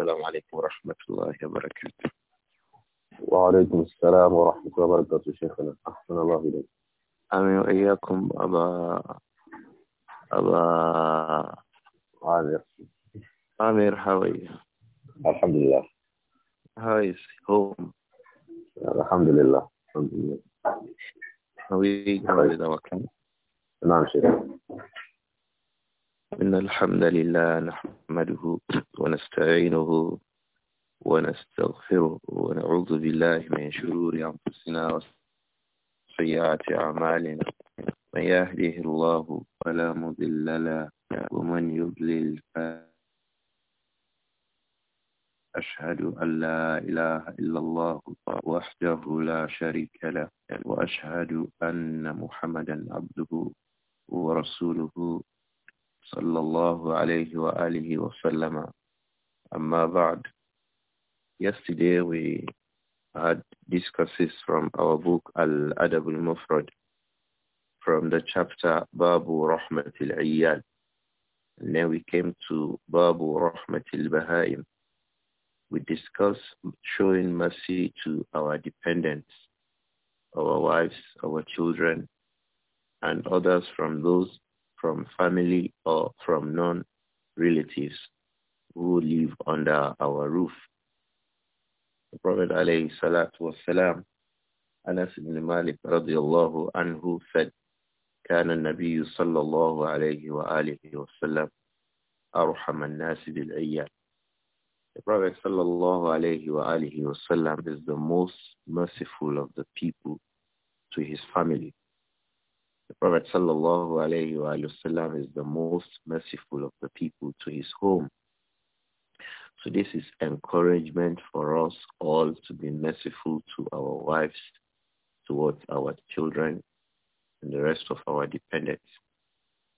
السلام عليكم ورحمة الله وبركاته وعليكم السلام ورحمة الله وبركاته شيخنا أحسن الله إليك أمين وإياكم أبا أبا عامر عامر how الحمد لله هاي is الحمد لله الحمد لله how are you? طيب. نعم شيخ إن الحمد لله نحمده ونستعينه ونستغفره ونعوذ بالله من شرور أنفسنا وسيئات أعمالنا من يهده الله فلا مضل له ومن يضلل أشهد أن لا إله إلا الله وحده لا شريك له وأشهد أن محمدا عبده ورسوله صلى الله عليه وآله وسلم أما بعد Yesterday we had discusses from our book Al-Adab al-Mufrad from the chapter Babu Rahmatil Iyal. And then we came to Babu Rahmatil Bahaim. We discussed showing mercy to our dependents, our wives, our children, and others from those from family or from non-relatives who live under our roof. The Prophet alayhi salatu wasalam, Anas ibn Malik radiallahu anhu said, كان النبي صلى الله عليه وآله وسلم أرحم الناس بالعيال. The Prophet صلى الله عليه وآله وسلم is the most merciful of the people to his family. The Prophet sallallahu alayhi wasallam is the most merciful of the people to his home. So this is encouragement for us all to be merciful to our wives, towards our children, and the rest of our dependents.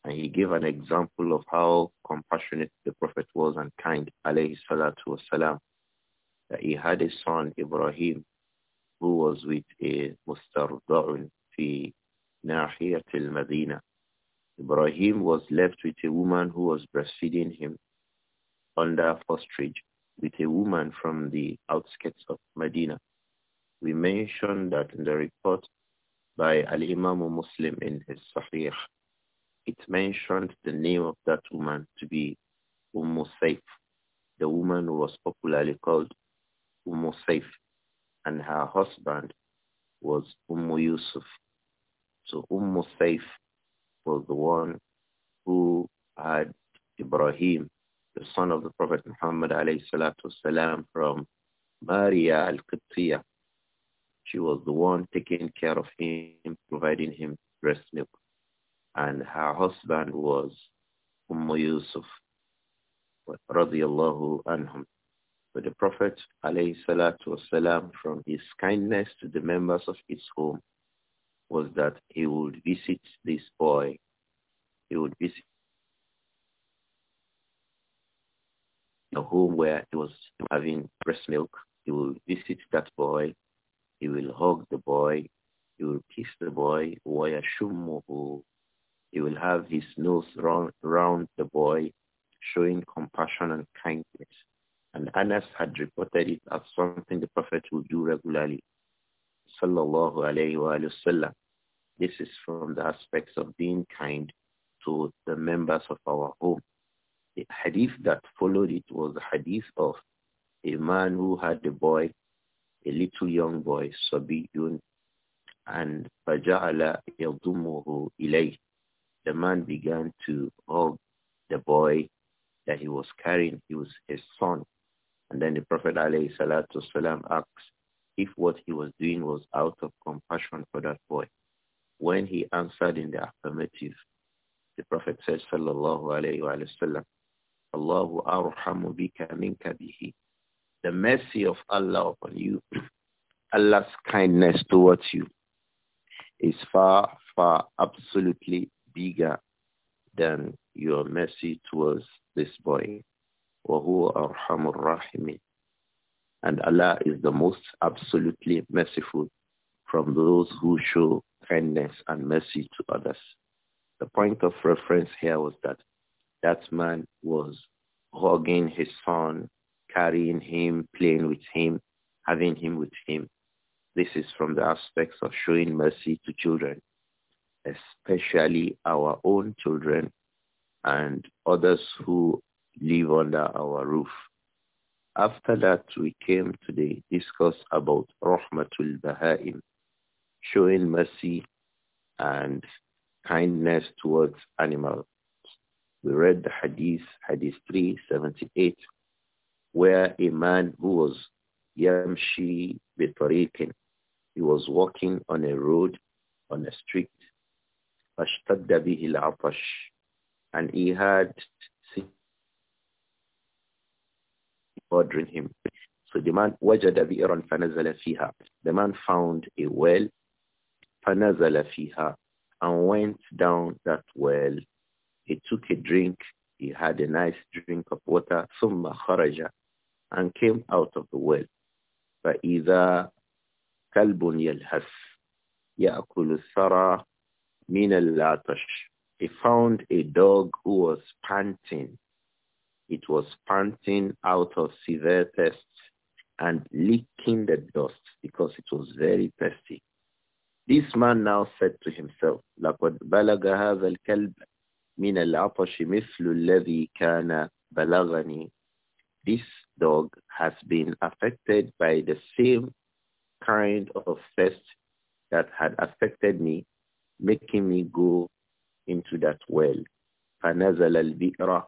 And he gave an example of how compassionate the Prophet was and kind, alayhi salatu wasalam, that he had a son, Ibrahim, who was with a mustarda'un fi ناحية Medina, Ibrahim was left with a woman who was breastfeeding him under fosterage with a woman from the outskirts of Medina. We mentioned that in the report by Al-Imam Muslim in his Sahih, it mentioned the name of that woman to be Umm Saif. The woman was popularly called Umm Saif and her husband was Umm Yusuf so Umm Saif was the one who had Ibrahim, the son of the Prophet Muhammad والسلام, from Maria al-Qibtiyah. She was the one taking care of him, providing him breast milk. And her husband was Umm Yusuf, radiallahu anhum. But the Prophet, alayhi salatu from his kindness to the members of his home, was that he would visit this boy. He would visit the home where he was having breast milk. He will visit that boy. He will hug the boy. He will kiss the boy. He will have his nose round, round the boy, showing compassion and kindness. And Anas had reported it as something the Prophet would do regularly sallallahu alayhi wa sallam. This is from the aspects of being kind to the members of our home. The hadith that followed it was the hadith of a man who had a boy, a little young boy, Sabiyun, and فَجَعَلَ يَضُمُّهُ إِلَيْهِ The man began to hug the boy that he was carrying. He was his son. And then the Prophet ﷺ asked, if what he was doing was out of compassion for that boy. When he answered in the affirmative, the Prophet said, Sallallahu Alaihi Wasallam, Allahu arhamu bika minka bihi. The mercy of Allah upon you, Allah's kindness towards you is far, far absolutely bigger than your mercy towards this boy. وَهُوَ أَرْحَمُ الرَّاحِمِينَ and Allah is the most absolutely merciful from those who show kindness and mercy to others. The point of reference here was that that man was hugging his son, carrying him, playing with him, having him with him. This is from the aspects of showing mercy to children, especially our own children and others who live under our roof. After that, we came to the discuss about Rahmatul Baha'im, showing mercy and kindness towards animals. We read the hadith, hadith 378, where a man who was Yamshi Bitariqin, he was walking on a road, on a street, فَاشْتَدَّ بِهِ And he had ordering him. So the man, وَجَدَ بِئِرًا فَنَزَلَ فِيهَا The man found a well, فَنَزَلَ فِيهَا And went down that well. He took a drink. He had a nice drink of water. ثُمَّ خَرَجَ And came out of the well. فَإِذَا كَلْبٌ يَلْهَسْ يَأْكُلُ الثَّرَى مِنَ الْعَطَشِ He found a dog who was panting it was panting out of severe thirst and licking the dust because it was very thirsty. This man now said to himself, لَقَدْ بَلَغَ هَذَا الْكَلْبَ مِنَ الْعَطَشِ مِثْلُ الَّذِي كَانَ بَلَغَنِي This dog has been affected by the same kind of thirst that had affected me, making me go into that well. فَنَزَلَ الْبِئْرَ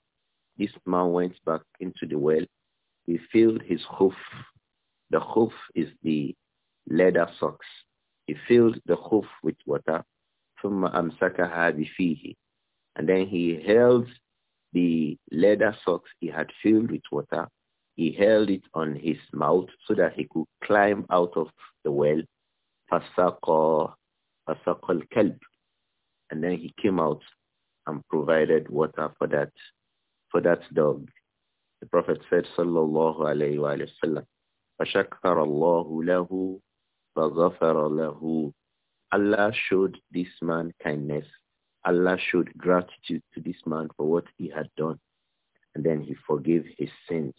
this man went back into the well. He filled his hoof. The hoof is the leather socks. He filled the hoof with water. And then he held the leather socks he had filled with water. He held it on his mouth so that he could climb out of the well. And then he came out and provided water for that for that dog. The Prophet said, Sallallahu alayhi wa sallam, فَشَكَّرَ اللَّهُ لَهُ فَغَفَرَ لَهُ Allah showed this man kindness. Allah showed gratitude to this man for what he had done. And then he forgave his sins.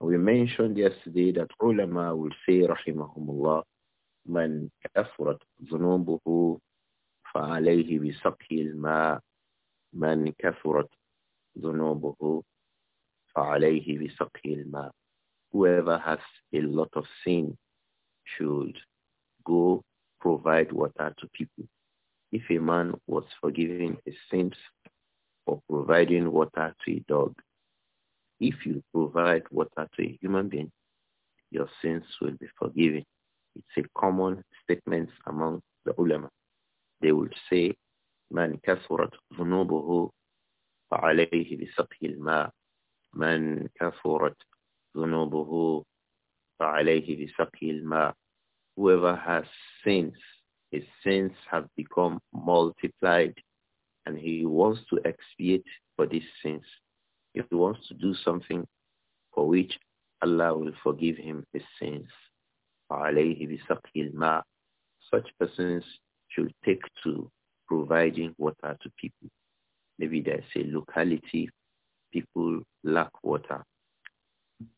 We mentioned yesterday that ulama will say, rahimahumullah, من كثرت ذنوبه فعليه بسقي الماء من كثرت ذنوبه فعليه بسقه الماء Whoever has a lot of sin should go provide water to people. If a man was forgiven his sins for providing water to a dog, if you provide water to a human being, your sins will be forgiven. It's a common statement among the ulama. They will say, Man kasurat عليه بسطح الماء من كفرت ذنوبه فعليه بسطح الماء whoever has sins his sins have become multiplied and he wants to expiate for these sins if he wants to do something for which Allah will forgive him his sins فعليه بسطح الماء such persons should take to providing water to people Maybe there's a locality, people lack water.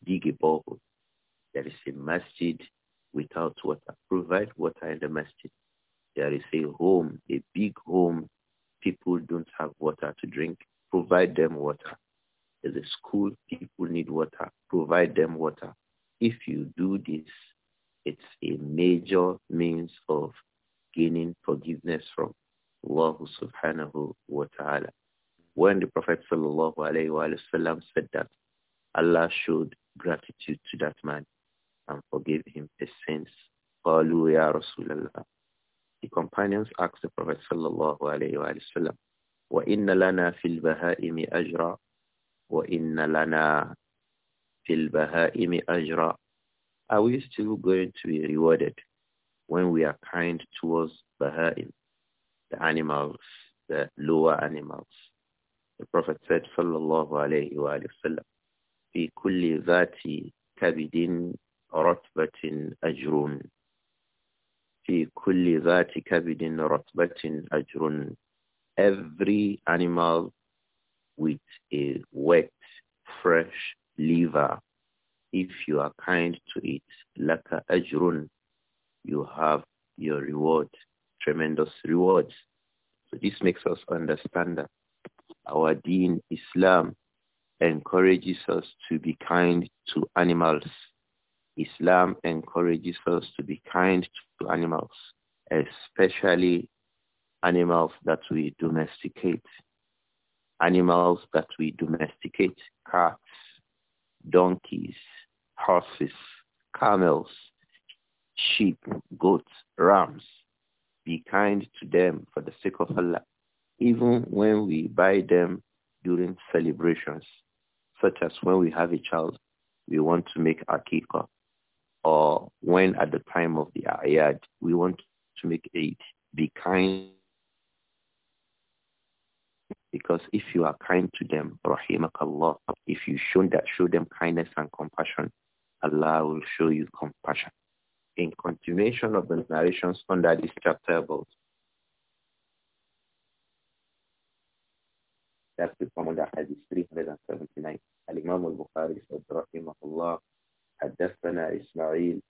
Dig a borehole. There is a masjid without water. Provide water in the masjid. There is a home, a big home. People don't have water to drink. Provide them water. There's a school, people need water. Provide them water. If you do this, it's a major means of gaining forgiveness from Allah subhanahu wa ta'ala. When the Prophet sallallahu alaihi wasallam said that, Allah showed gratitude to that man and forgave him his sins. Qalu ya Rasulallah. The companions asked the Prophet sallallahu alaihi wasallam, wa inna lana fil bahaimi ajra, wa inna lana fil bahaimi ajra. Are we still going to be rewarded when we are kind towards bahaim, the animals, the lower animals? The Prophet said, sallallahu alaihi wasallam." sallam, في كل ذات كبد رتبة أجر في كل ذات كبد رتبة أجر Every animal with a wet, fresh liver, if you are kind to it, laka ajrun, you have your reward, tremendous rewards. So this makes us understand that our deen, Islam, encourages us to be kind to animals. Islam encourages us to be kind to animals, especially animals that we domesticate. Animals that we domesticate, cats, donkeys, horses, camels, sheep, goats, rams. Be kind to them for the sake of Allah even when we buy them during celebrations, such as when we have a child, we want to make akika, or when at the time of the ayat, we want to make it. Be kind, because if you are kind to them, rahimakallah, if you show that, show them kindness and compassion, Allah will show you compassion. In continuation of the narrations under this chapter about That will come under Hadith 379. الإمام البخاري al الله حدثنا إسماعيل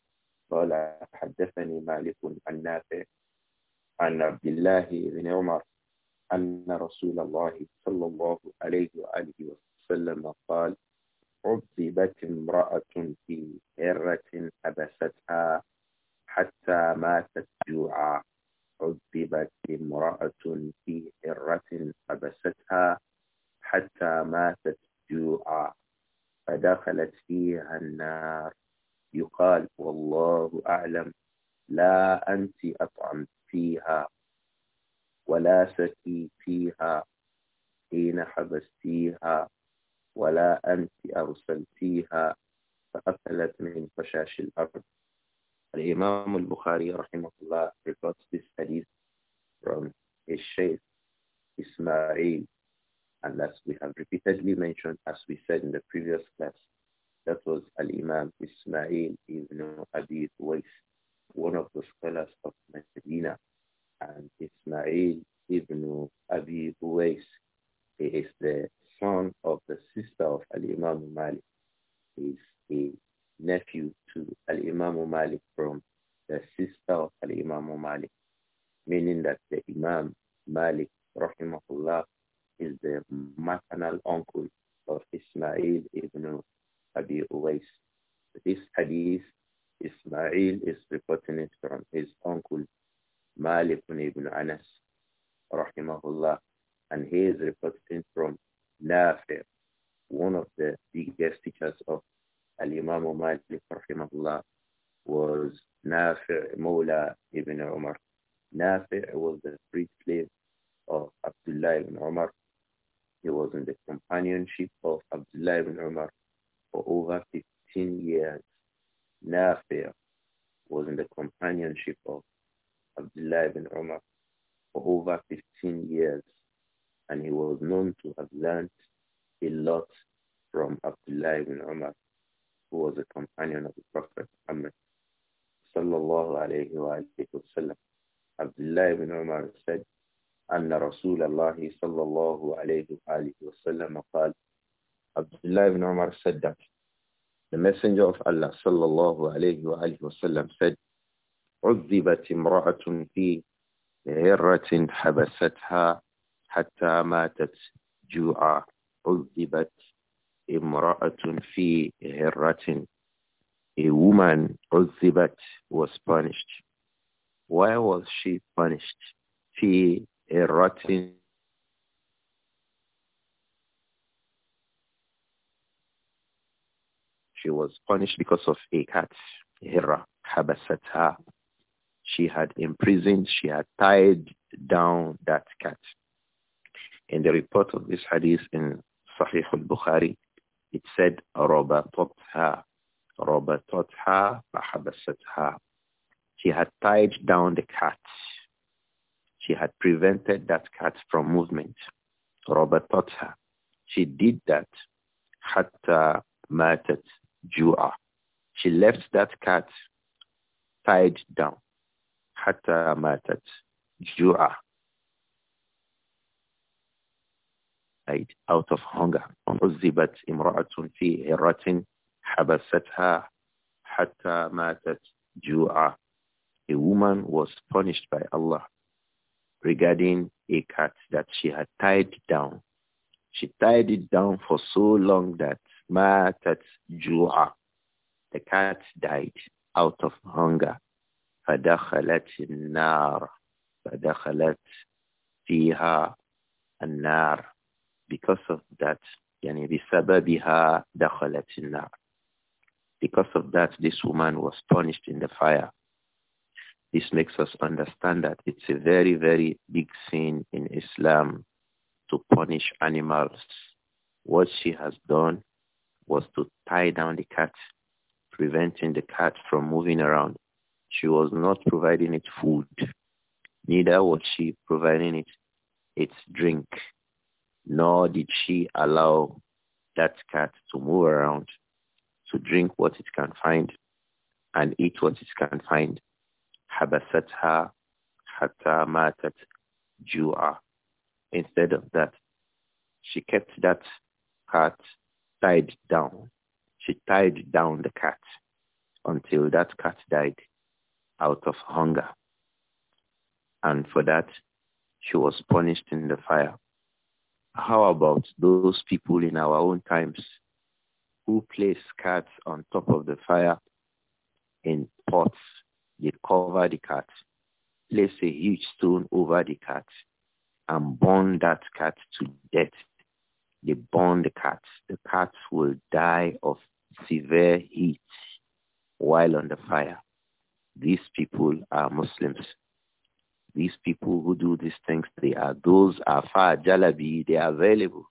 قال حدثني مالك عن نافع عن عبد الله بن عمر أن رسول الله صلى الله عليه وآله وسلم قال عذبت امرأة في هرة حبستها حتى ماتت جوعا عذبت امرأة في هرة حبستها حتى ماتت جوعا فدخلت فيها النار يقال والله أعلم لا أنت أطعمت فيها ولا سكي فيها حين حبستيها ولا أنت أرسلتيها فأكلت من فشاش الأرض الإمام البخاري رحمه الله reports this hadith from his Shaykh Ismail And as we have repeatedly mentioned, as we said in the previous class, that was Al-Imam Ismail ibn Abi Wais, one of the scholars of Medina. And Ismail ibn Abi Wais, he is the son of the sister of Al-Imam Malik. He is a nephew to Al-Imam Malik from the sister of Al-Imam Malik, meaning that the Imam Malik, rahimahullah, is the maternal uncle of Ismail ibn Abi Uwais. This hadith, Ismail is reporting it from his uncle Malik ibn Anas, rahimahullah, and he is reporting from Nafi, one of the biggest teachers of Al-Imam Malik, rahimahullah, was Nafi Mawla ibn Umar. Nafi was the free slave of Abdullah ibn Umar he was in the companionship of Abdullah ibn Umar for over 15 years. Nafi' was in the companionship of Abdullah ibn Umar for over 15 years and he was known to have learnt a lot from Abdullah ibn Umar who was a companion of the Prophet Muhammad sallallahu alayhi wa Abdullah ibn Umar said, أن رسول الله صلى الله عليه وآله وسلم قال عبد ibn بن said that the messenger of Allah صلى الله عليه وآله وسلم said عذبت امرأة في هرة حبستها حتى ماتت جوعا عذبت امرأة في هرة a woman عذبت was punished why was she punished في a rotten She was punished because of a cat, Habasatha. She had imprisoned, she had tied down that cat. In the report of this hadith in Sahih al-Bukhari, it said, رَبَطَتْهَا رَبَطَتْهَا فَحَبَسَتْهَا She had tied down the cat she had prevented that cat from movement. her She did that. حتى matat Jua. She left that cat tied down. حتى matat Jua. Right, out of hunger. عذبت A woman was punished by Allah regarding a cat that she had tied down. She tied it down for so long that matat jua. The cat died out of hunger. فدخلت النار فدخلت فيها النار because of that يعني بسببها دخلت النار because of that this woman was punished in the fire this makes us understand that it's a very, very big sin in Islam to punish animals. What she has done was to tie down the cat, preventing the cat from moving around. She was not providing it food. Neither was she providing it its drink. Nor did she allow that cat to move around, to drink what it can find and eat what it can find. حبستها حتى ماتت جوعا. Instead of that, she kept that cat tied down. She tied down the cat until that cat died out of hunger. And for that, she was punished in the fire. How about those people in our own times who place cats on top of the fire in pots they cover the cat, place a huge stone over the cat, and burn that cat to death. They burn the cat. The cat will die of severe heat while on the fire. These people are Muslims. These people who do these things, they are those Afar Jalabi, they are available.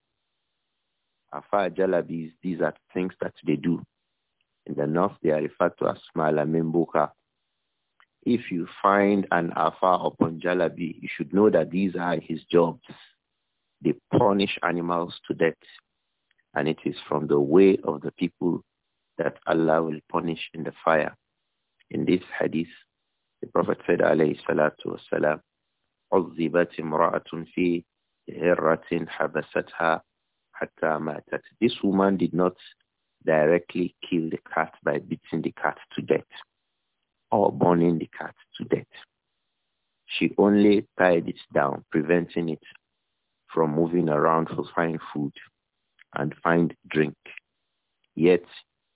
Afar Jalabis, these are things that they do. In the north, they are referred to as Malamimbuka. If you find an afa upon jalabi, you should know that these are his jobs. They punish animals to death. And it is from the way of the people that Allah will punish in the fire. In this hadith, the Prophet said, alayhi salatu wasalam, عذبت امرأة في This woman did not directly kill the cat by beating the cat to death or burning the cat to death. She only tied it down, preventing it from moving around to find food and find drink. Yet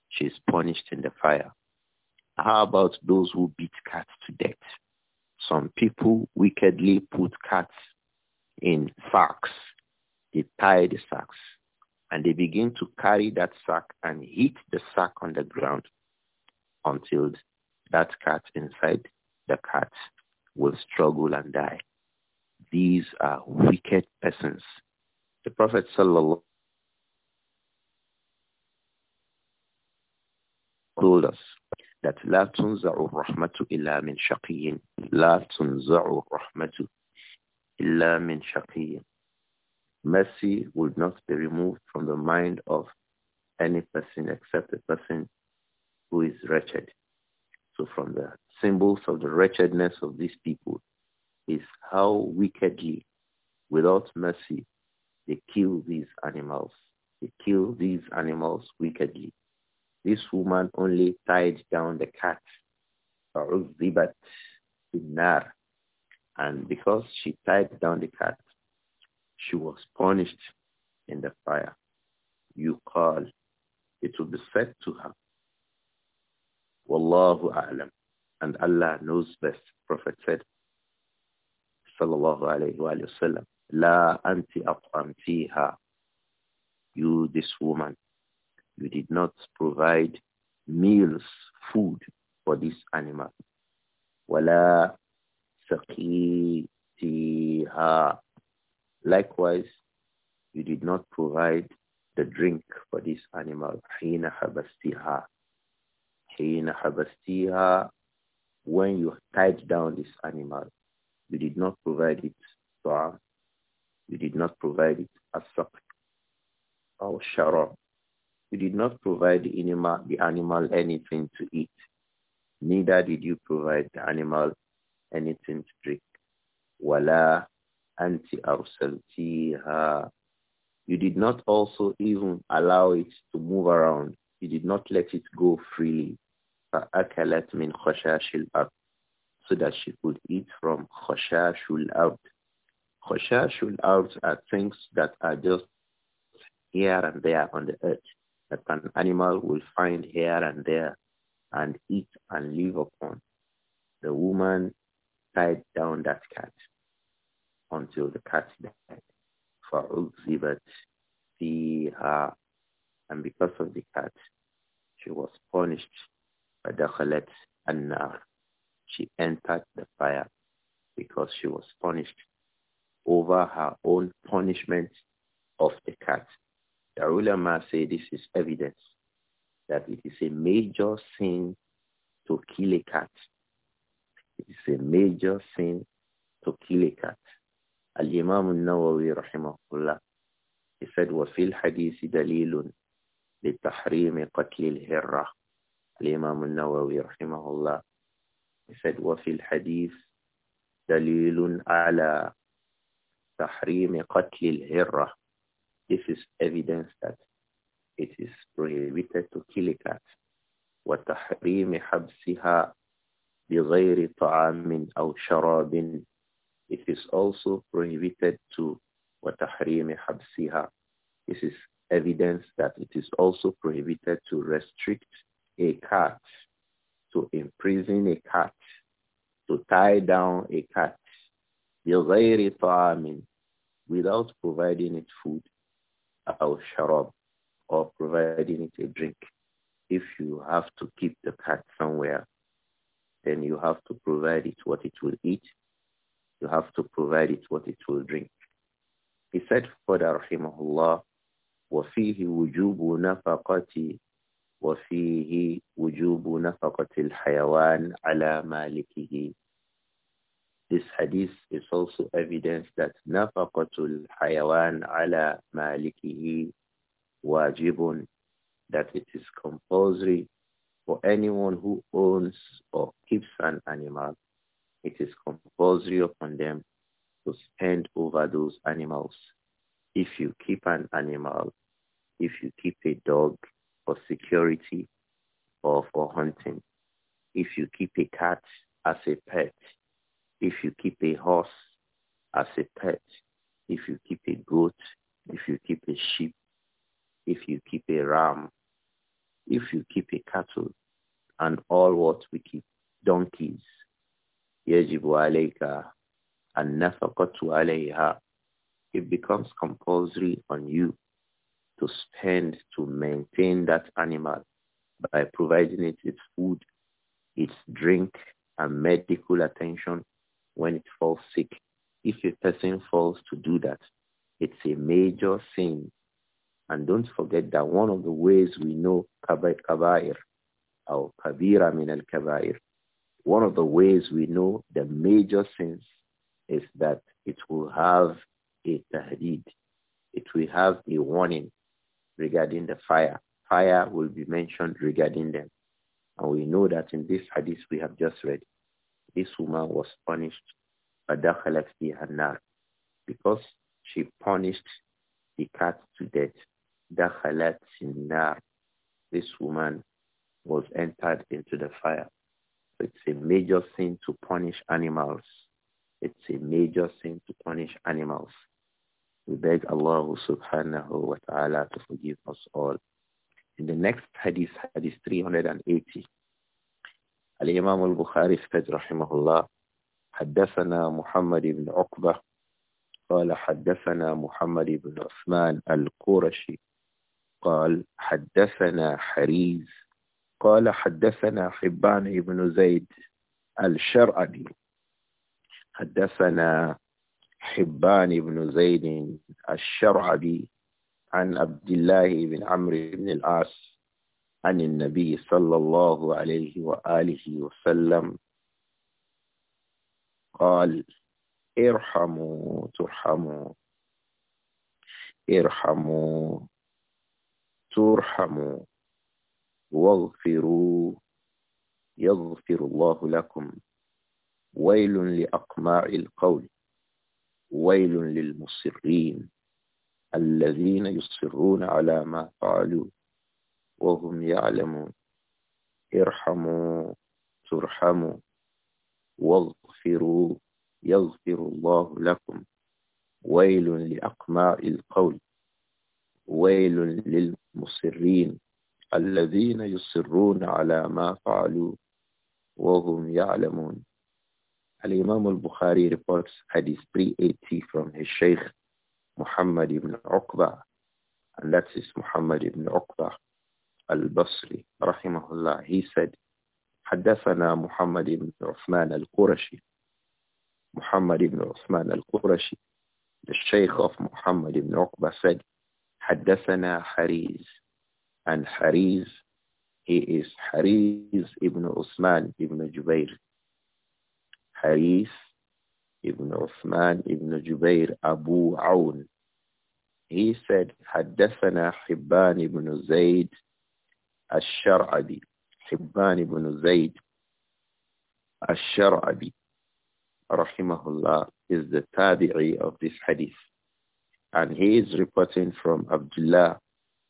she is punished in the fire. How about those who beat cats to death? Some people wickedly put cats in sacks. They tie the sacks and they begin to carry that sack and hit the sack on the ground until that cat inside the cat will struggle and die. These are wicked persons. The Prophet told us that لا تنزع الرحمة إلا من شقي لا تنزع الرحمة إلا من شقي Mercy will not be removed from the mind of any person except a person who is wretched. So from the symbols of the wretchedness of these people is how wickedly, without mercy, they kill these animals. They kill these animals wickedly. This woman only tied down the cat, فَعُذِّبَتْ بِالنَّارِ And because she tied down the cat, she was punished in the fire. You call. It will be said to her, Wallahu a'lam. And Allah knows best. Prophet said, sallallahu alayhi wa sallam, La anti at'amtiha. You, this woman, you did not provide meals, food for this animal. Wala saqitiha. Likewise, you did not provide the drink for this animal. Hina habastiha حين حبستيها when you tied down this animal you did not provide it طعام you did not provide it a supper or sharab you did not provide the animal, the animal anything to eat neither did you provide the animal anything to drink ولا anti أرسلتيها you did not also even allow it to move around he did not let it go freely. فَأَكَلَتْ مِنْ خَشَاشِ الْأَرْضِ So that she could eat from خَشَاشُ الْأَرْض Khoshash out are things that are just here and there on the earth that an animal will find here and there and eat and live upon. The woman tied down that cat until the cat died. For Uzibat, the and because of the cat, she was punished. by فَدَخَلَتْ النَّارِ She entered the fire because she was punished over her own punishment of the cat. The ulama say this is evidence that it is a major sin to kill a cat. It is a major sin to kill a cat. Al-Imam al-Nawawi rahimahullah, he said, وَفِي الْحَدِيثِ دَلِيلٌ لتحريم قتل الهرة الإمام النووي رحمه الله said وفي الحديث دليل على تحريم قتل الهرة This is evidence that it is prohibited to kill a cat وتحريم حبسها بغير طعام أو شراب It is also prohibited to وتحريم حبسها This is evidence that it is also prohibited to restrict a cat, to imprison a cat, to tie down a cat, without providing it food, or sharab, or providing it a drink. If you have to keep the cat somewhere, then you have to provide it what it will eat. You have to provide it what it will drink. He said further, rahimahullah, وفيه وجوب نفقة وفيه وجوب نفقة الحيوان على مالكه This hadith is also evidence that نفقة الحيوان على مالكه واجب that it is compulsory for anyone who owns or keeps an animal. It is compulsory upon them to spend over those animals. If you keep an animal, if you keep a dog for security or for hunting, if you keep a cat as a pet, if you keep a horse as a pet, if you keep a goat, if you keep a sheep, if you keep a ram, if you keep a cattle, and all what we keep, donkeys. يجب and nafakatu عليها. It becomes compulsory on you to spend to maintain that animal by providing it its food, its drink, and medical attention when it falls sick. If a person falls to do that, it's a major sin. And don't forget that one of the ways we know kabair, or kabira min al-kabair, one of the ways we know the major sins is that it will have a tahdid. It will have a warning regarding the fire. Fire will be mentioned regarding them. And we know that in this hadith we have just read, this woman was punished because she punished the cat to death. This woman was entered into the fire. It's a major sin to punish animals. It's a major sin to punish animals. We beg Allah subhanahu wa ta'ala to forgive us all. In the next hadith, hadith 380, الإمام البخاري سكت رحمه الله حدثنا محمد بن عقبة قال حدثنا محمد بن عثمان القرشي قال حدثنا حريز قال حدثنا حبان بن زيد الشرعبي حدثنا حبان بن زيد الشرعبي عن عبد الله بن عمرو بن العاص عن النبي صلى الله عليه وآله وسلم قال ارحموا ترحموا ارحموا ترحموا واغفروا يغفر الله لكم ويل لأقماع القول ويل للمصرين الذين يصرون على ما فعلوا وهم يعلمون ارحموا ترحموا واغفروا يغفر الله لكم ويل لأقماء القول ويل للمصرين الذين يصرون على ما فعلوا وهم يعلمون Al-Imam al-Bukhari reports Hadith 380 from his Shaykh Muhammad ibn Uqba, and that is Muhammad ibn Uqba al-Basri, rahimahullah. He said, حدثنا محمد بن عثمان القرشي محمد بن عثمان القرشي the Shaykh of Muhammad ibn Uqba said حدثنا حريز and حريز he is حريز ibn Usman ibn Jubair Harith ibn Uthman ibn Jubair Abu Aun. He said, حدثنا Hibban ibn al Sharabi. Hibban ibn al Sharabi, rahimahullah is the tabi'i of this hadith. And he is reporting from Abdullah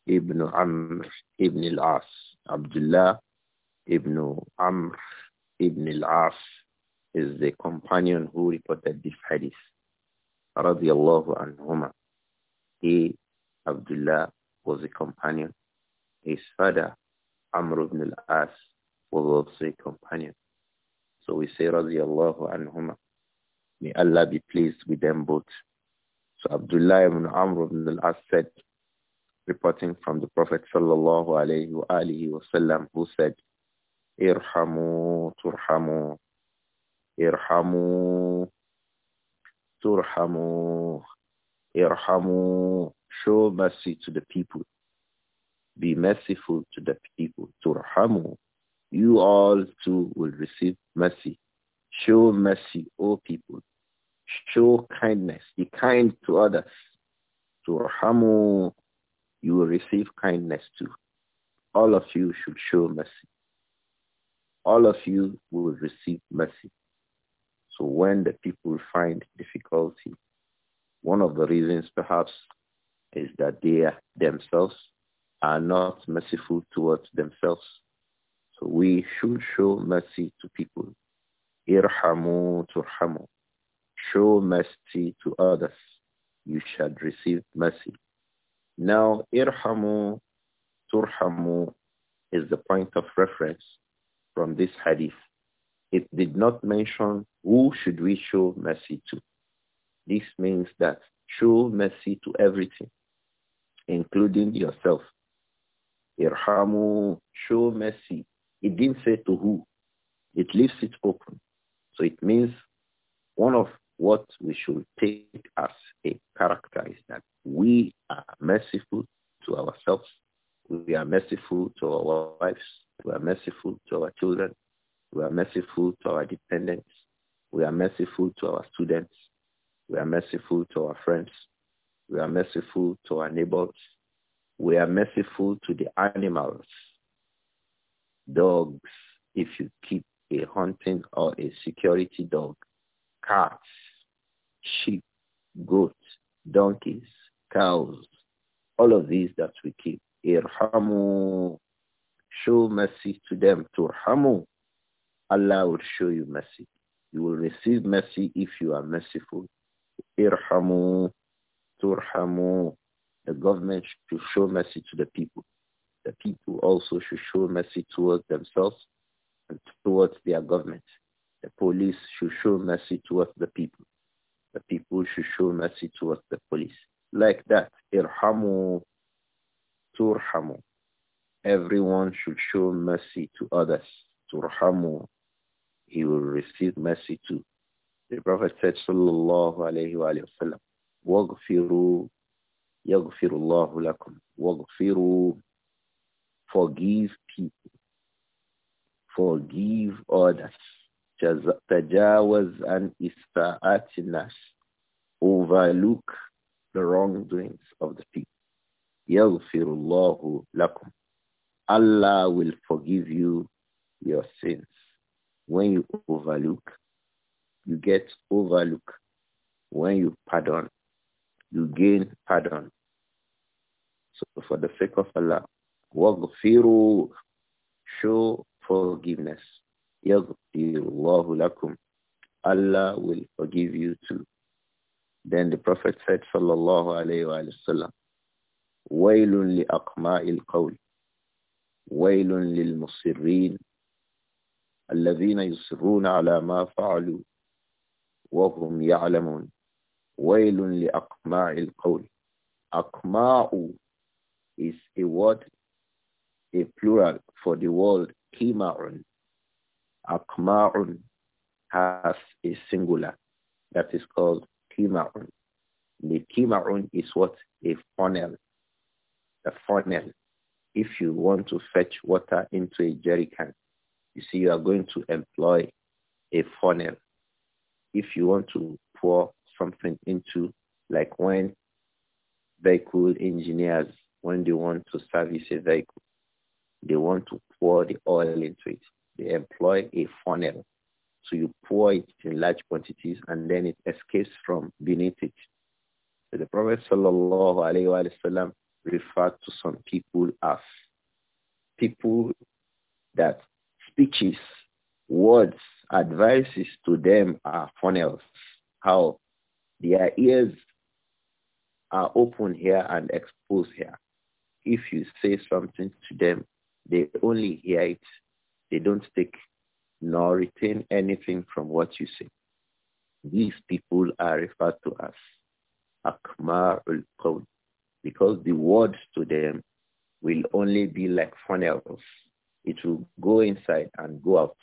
ibn Amr ibn al-As. Abdullah ibn Amr ibn al-As is the companion who reported this hadith. Radiallahu anhuma. He, Abdullah, was a companion. His father, Amr ibn al-As, was also a companion. So we say, Radiallahu anhuma. May Allah be pleased with them both. So Abdullah ibn Amr ibn al-As said, reporting from the Prophet sallallahu alayhi wa alihi wa sallam, who said, Irhamu turhamu irhamu, turhamu, irhamu. Show mercy to the people. Be merciful to the people. Turhamu. You all too will receive mercy. Show mercy, O people. Show kindness. Be kind to others. Turhamu. You will receive kindness too. All of you should show mercy. All of you will receive mercy. So when the people find difficulty, one of the reasons perhaps is that they themselves are not merciful towards themselves. So we should show mercy to people. Irhamu turhamu. Show mercy to others. You shall receive mercy. Now, irhamu turhamu is the point of reference from this hadith. It did not mention who should we show mercy to. This means that show mercy to everything, including yourself. Irhamu, show mercy. It didn't say to who. It leaves it open. So it means one of what we should take as a character is that we are merciful to ourselves. We are merciful to our wives. We are merciful to our children. We are merciful to our dependents. We are merciful to our students. We are merciful to our friends. We are merciful to our neighbors. We are merciful to the animals, dogs, if you keep a hunting or a security dog, cats, sheep, goats, donkeys, cows, all of these that we keep. Irhamu, show mercy to them. Turhamu, Allah will show you mercy. You will receive mercy if you are merciful. Irhamu, turhamu. The government should show mercy to the people. The people also should show mercy towards themselves and towards their government. The police should show mercy towards the people. The people should show mercy towards the police. Like that, irhamu, turhamu. Everyone should show mercy to others. Turhamu, he will receive mercy too. The Prophet said, Sallallahu alayhi wa sallam, Wagfiru, Yagfirullahu lakum. Wagfiru, forgive people. Forgive others. Tajawaz and ista'atinas. Overlook the wrongdoings of the people. Yagfirullahu lakum. Allah will forgive you your sins. When you overlook, you get overlook. When you pardon, you gain pardon. So for the sake of Allah, waghfiru, show forgiveness. Yaghfirullahu lakum. Allah will forgive you too. Then the Prophet said, Sallallahu alayhi wa sallam, Wailun li aqma'il qawl. Wailun lil musirrin الذين يصرون على ما فعلوا وهم يعلمون ويل لأقماع القول أقماع is a word a plural for the word kimaun akmaun has a singular that is called kimaun the kimaun is what a funnel a funnel if you want to fetch water into a jerry can you see, you are going to employ a funnel. If you want to pour something into, like when vehicle engineers, when they want to service a vehicle, they want to pour the oil into it. They employ a funnel. So you pour it in large quantities and then it escapes from beneath it. So the Prophet wasallam referred to some people as people that speeches, words, advices to them are funnels. How their ears are open here and exposed here. If you say something to them, they only hear it. They don't take nor retain anything from what you say. These people are referred to as Akmar al because the words to them will only be like funnels it will go inside and go out.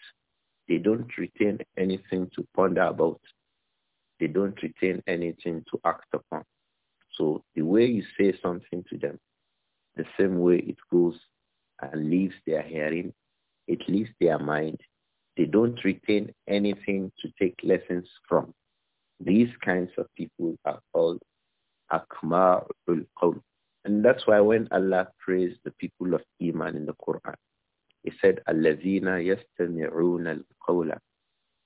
They don't retain anything to ponder about. They don't retain anything to act upon. So the way you say something to them, the same way it goes and leaves their hearing, it leaves their mind. They don't retain anything to take lessons from. These kinds of people are called akmarul qawm. And that's why when Allah praised the people of Iman in the Quran, he said, Allazina yastami'una al-qawla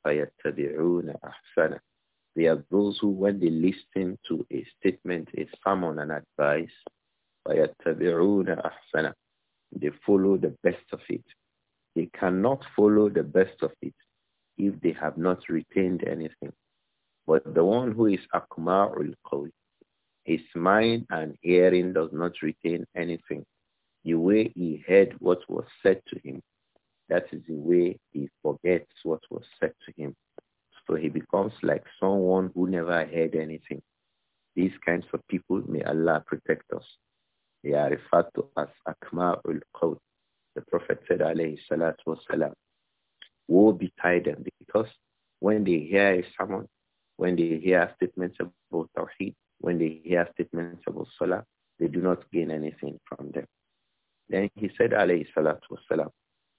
fayattabi'una ahsana. They are those who, when they listen to a statement, a sermon, an advice, ahsana. They follow the best of it. They cannot follow the best of it if they have not retained anything. But the one who is akma'ul qawl, his mind and hearing does not retain anything. The way he heard what was said to him, that is the way he forgets what was said to him. So he becomes like someone who never heard anything. These kinds of people, may Allah protect us. They are referred to as ul Qawt. The Prophet said, alayhi salatu wasalam, woe betide them because when they hear a sermon, when they hear statements about Tawheed, when they hear statements about Salah, they do not gain anything from them. Then he said, alayhi salatu wasalam,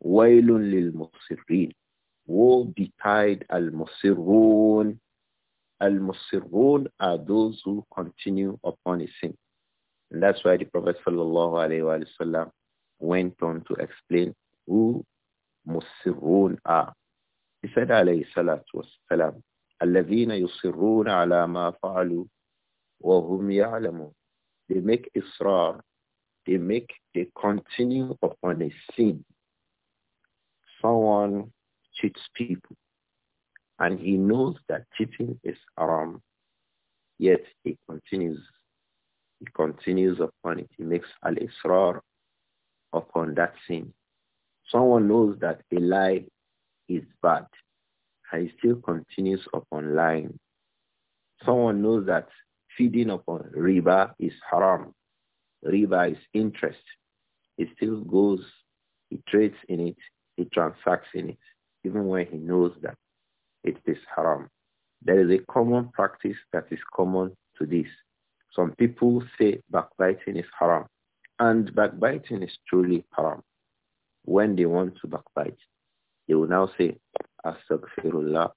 wailun lil Musirin, Woe betide al Musirun.' al Musirun are those who continue upon a sin. And that's why the Prophet sallallahu alayhi wa sallam went on to explain who Musirun are. He said alayhi salatu wasalam, الذين يصرون على ما فعلوا وهم يعلمون. They make إصرار." they make, they continue upon a sin. Someone cheats people and he knows that cheating is haram, yet he continues. He continues upon it. He makes al-israr upon that sin. Someone knows that a lie is bad and he still continues upon lying. Someone knows that feeding upon riba is haram Riba interest. He still goes, he trades in it, he transacts in it, even when he knows that it is haram. There is a common practice that is common to this. Some people say backbiting is haram, and backbiting is truly haram. When they want to backbite, they will now say, Astaghfirullah,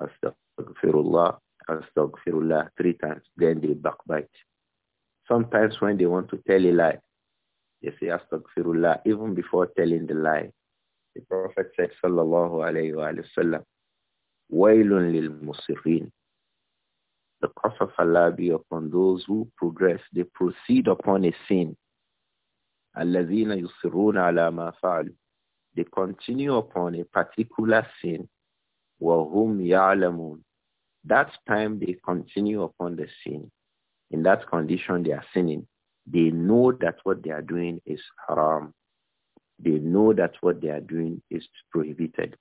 Astaghfirullah, Astaghfirullah three times. Then they backbite. Sometimes when they want to tell a lie, they say astaghfirullah even before telling the lie. The Prophet said, sallallahu alayhi wa sallam, wailun lil musirin. The curse of Allah be upon those who progress, they proceed upon a sin. Allazina yusiruna ala ma fa'alu. They continue upon a particular sin. hum ya'lamun. That time they continue upon the sin in that condition they are sinning, they know that what they are doing is haram. They know that what they are doing is prohibited.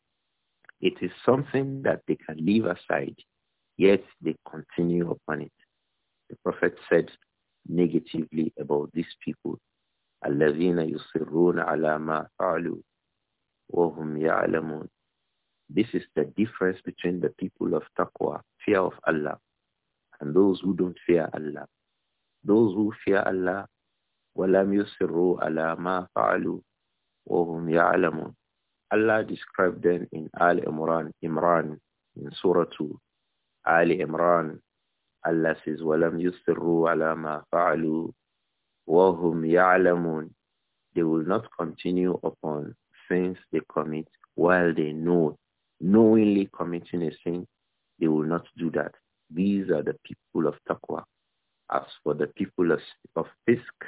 It is something that they can leave aside, yet they continue upon it. The Prophet said negatively about these people, الَّذِينَ يُصِرُّونَ عَلَى مَا فَعَلُوا This is the difference between the people of taqwa, fear of Allah, and those who don't fear Allah. Those who fear Allah, وَلَمْ يُسِرُّوا عَلَى مَا فَعَلُوا وَهُمْ يَعْلَمُونَ Allah described them in Al Imran, Imran, in Surah 2, Al Imran. Allah says, وَلَمْ يُسِرُّوا عَلَى مَا فَعَلُوا وَهُمْ يَعْلَمُونَ They will not continue upon sins they commit while they know, knowingly committing a sin, they will not do that. These are the people of taqwa. As for the people of, of fisk,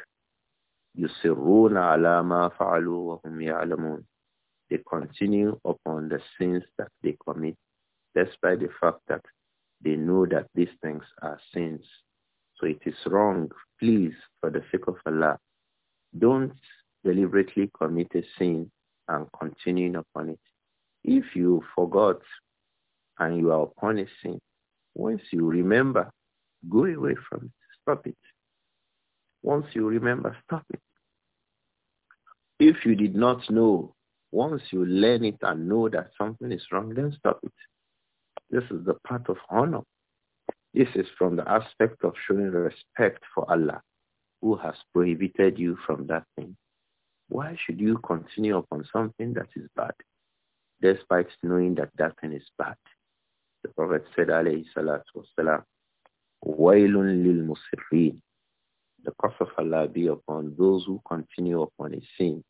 يُسِرُّونَ عَلَى مَا فَعَلُوا وَهُمْ يَعْلَمُونَ They continue upon the sins that they commit, despite the fact that they know that these things are sins. So it is wrong. Please, for the sake of Allah, don't deliberately commit a sin and continuing upon it. If you forgot and you are upon a sin, once you remember, go away from it. Stop it. Once you remember, stop it. If you did not know, once you learn it and know that something is wrong, then stop it. This is the part of honor. This is from the aspect of showing respect for Allah, who has prohibited you from that thing. Why should you continue upon something that is bad, despite knowing that that thing is bad? The Prophet said, alayhi salatu wasalam, Wailun lil musirrin. The curse of Allah be upon those who continue upon a sin.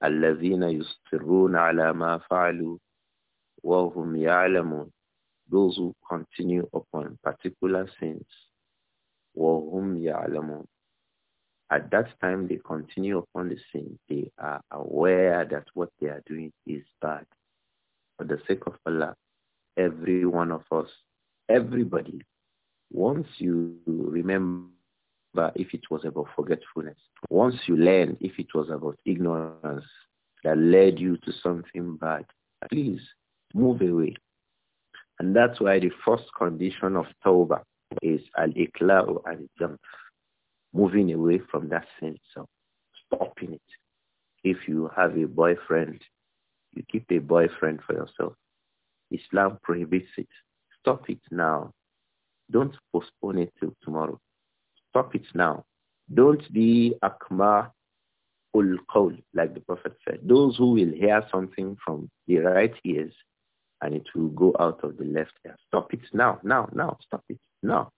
Allazina yusirruna ala ma fa'alu wa hum ya'lamun. Those who continue upon particular sins. Wa hum ya'lamun. At that time they continue upon the sin. They are aware that what they are doing is bad. For the sake of Allah, every one of us, everybody, once you remember if it was about forgetfulness, once you learn if it was about ignorance that led you to something bad, please move away. And that's why the first condition of Tauba is al-ikla'u al-jamf, moving away from that sin of stopping it. If you have a boyfriend, you keep a boyfriend for yourself. Islam prohibits it. Stop it now. Don't postpone it till tomorrow. Stop it now. Don't be akma ul qawl, like the Prophet said. Those who will hear something from the right ears and it will go out of the left ear. Stop it now, now, now, stop it now.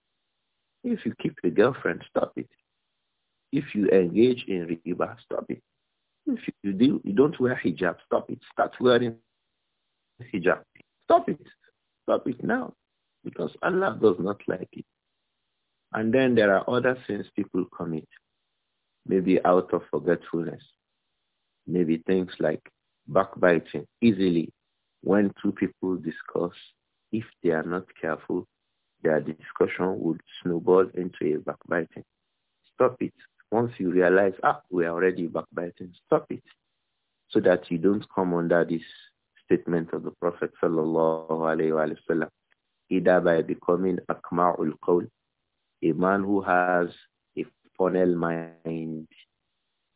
If you keep a girlfriend, stop it. If you engage in riba, stop it. If you do, you don't wear hijab, stop it. Start wearing hijab. Stop it. Stop it now. Because Allah does not like it. And then there are other sins people commit. Maybe out of forgetfulness. Maybe things like backbiting easily when two people discuss. If they are not careful, their discussion would snowball into a backbiting. Stop it. Once you realize, ah, we are already backbiting, stop it. So that you don't come under this statement of the Prophet sallallahu alayhi wa sallam, either by becoming akma'ul qawl, a man who has a funnel mind.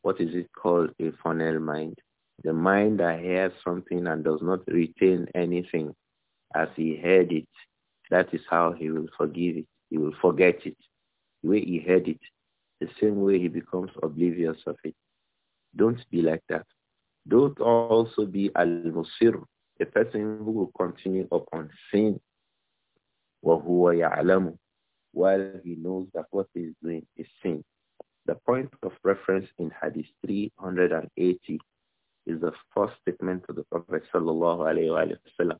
What is it called, a funnel mind? The mind that hears something and does not retain anything as he heard it. That is how he will forgive it. He will forget it. The way he heard it, the same way he becomes oblivious of it. Don't be like that. Don't also be al-musir, a person who will continue upon sin. وَهُوَ يَعْلَمُ While he knows that what he is doing is sin. The point of reference in Hadith 380 is the first statement of the Prophet sallallahu alayhi wa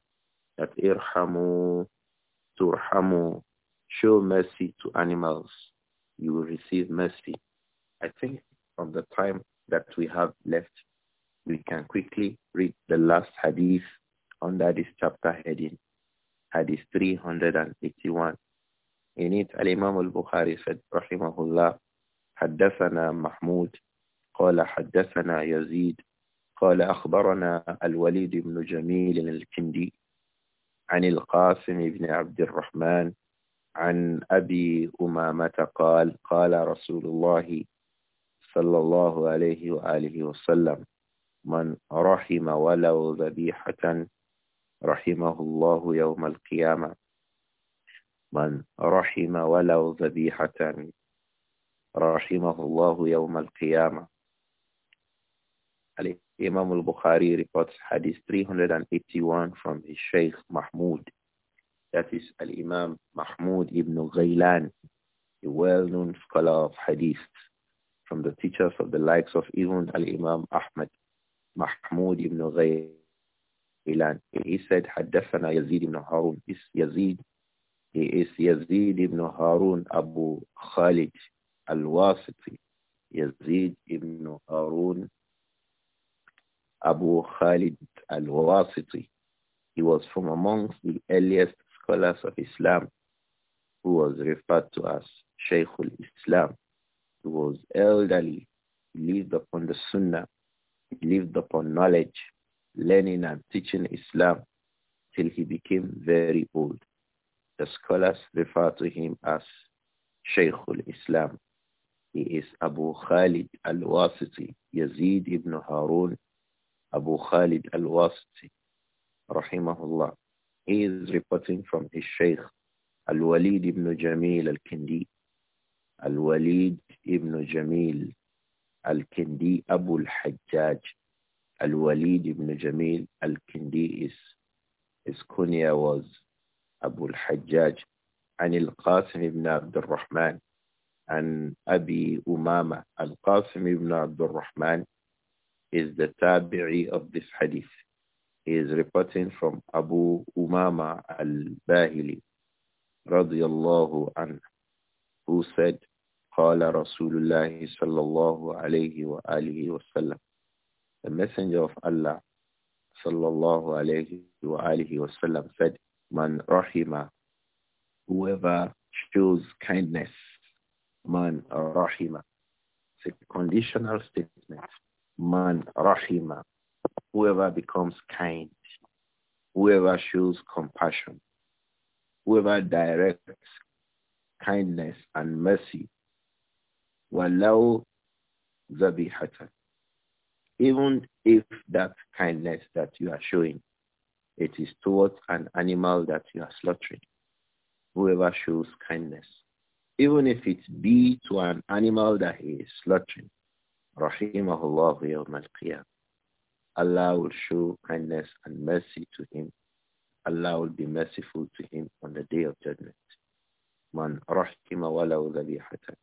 that irhamu turhamu, show mercy to animals, you will receive mercy. I think from the time that we have left we can quickly read the last hadith under this chapter heading, hadith 381. In it, Al-Imam al-Bukhari said, rahimahullah, حدثنا محمود قال حدثنا يزيد قال أخبرنا الوليد بن جميل الكندي عن القاسم بن عبد الرحمن عن أبي أمامة قال قال رسول الله صلى الله عليه وآله وسلم من رحم ولو ذبيحة رحمه الله يوم القيامة من رحم ولو ذبيحة رحمه الله يوم القيامة الإمام البخاري reports hadith 381 from his Shaykh Mahmud that is Al-Imam ابن ibn a well-known scholar of hadith from the teachers of the likes of even Al-Imam Ahmad Mahmoud ibn Ghaylan. He said, Haddathana Yazid ibn Harun. is Yazid, he is Yazid ibn Harun Abu Khalid al-Wasiti. Yazid ibn Harun Abu Khalid al-Wasiti. He was from amongst the earliest scholars of Islam who was referred to as Shaykhul Islam. He was elderly, he lived upon the Sunnah lived upon knowledge, learning and teaching Islam till he became very old. The scholars refer to him as Shaykhul Islam. He is Abu Khalid al-Wasiti, Yazid ibn Harun, Abu Khalid al-Wasiti, rahimahullah. He is reporting from his Shaykh, Al-Walid ibn Jamil al-Kindi. Al-Walid ibn Jamil Al-Kindi, الحجاج الوليد hajjaj Al-Walid ibn Jamil, Al-Kindi is, his kunya was Abu al-Hajjaj, and Al-Qasim ibn Abdul Rahman, and Abi Umama. Al-Qasim ibn Rahman is the tabi'i of this hadith. He is reporting from Abu Umama al-Bahili, radiyallahu anhu, who said, قال رسول الله صلى الله عليه وآله وسلم The Messenger of Allah صلى الله عليه وآله وسلم said من رحم whoever shows kindness من رحم It's a conditional statement من رحم whoever becomes kind whoever shows compassion whoever directs kindness and mercy walau zabihatan. Even if that kindness that you are showing, it is towards an animal that you are slaughtering. Whoever shows kindness, even if it be to an animal that he is slaughtering, rahimahullah Allah will show kindness and mercy to him. Allah will be merciful to him on the day of judgment. Man rahima walau zabihatan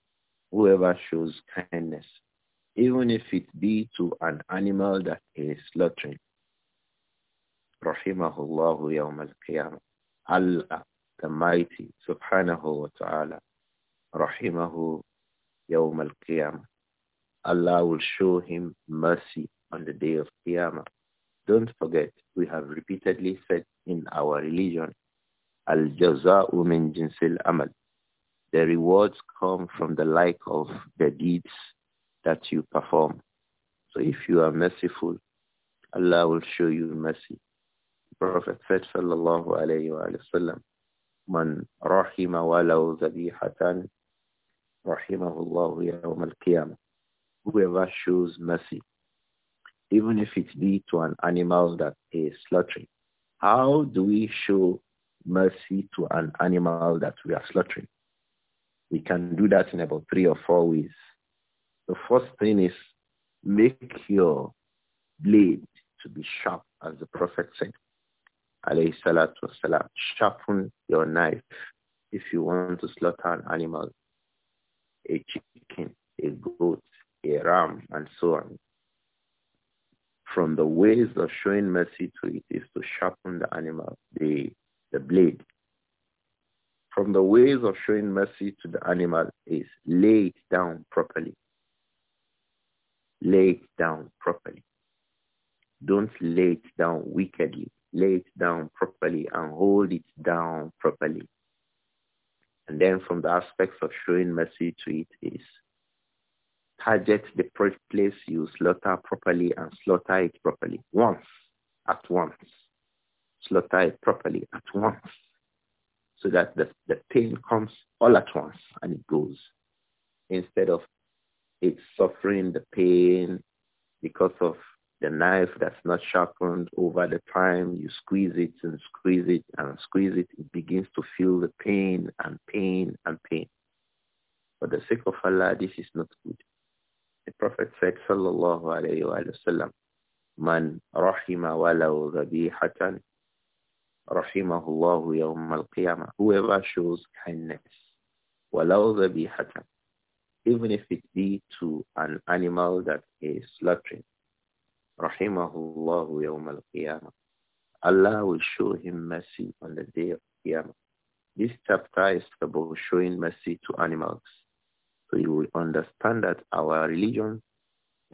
whoever shows kindness, even if it be to an animal that is slaughtering. Rahimahullahu yawm al-qiyamah. Allah, the mighty, subhanahu wa ta'ala, rahimahu yawm al-qiyamah. Allah will show him mercy on the day of Qiyamah. Don't forget, we have repeatedly said in our religion, al-jaza'u min jinsil amal. The rewards come from the like of the deeds that you perform. So if you are merciful, Allah will show you mercy. Prophet said, sallallahu alayhi wa sallam, من رحم ولو ذبيحة رحمه الله يوم القيامة. Whoever shows mercy, even if it be to an animal that is slaughtering. How do we show mercy to an animal that we are slaughtering? We can do that in about three or four ways. The first thing is make your blade to be sharp, as the Prophet said, alayhi salatu wasalam. Sharpen your knife if you want to slaughter an animal, a chicken, a goat, a ram, and so on. From the ways of showing mercy to it is to sharpen the animal, the, the blade from the ways of showing mercy to the animal is lay it down properly. Lay it down properly. Don't lay it down wickedly. Lay it down properly and hold it down properly. And then from the aspects of showing mercy to it is target the place you slaughter properly and slaughter it properly once, at once. Slaughter it properly at once so that the, the pain comes all at once and it goes instead of it suffering the pain because of the knife that's not sharpened over the time you squeeze it and squeeze it and squeeze it it begins to feel the pain and pain and pain for the sake of allah this is not good the prophet said sallallahu alayhi wa sallam man rahima walau dhabihatan rahimahullahu yawm al-qiyamah. Whoever shows kindness, walau dhabihatan, even if it be to an animal that is slaughtering, rahimahullahu yawm al-qiyamah. Allah will show him mercy on the day of Qiyamah. This chapter is about showing mercy to animals. So you will understand that our religion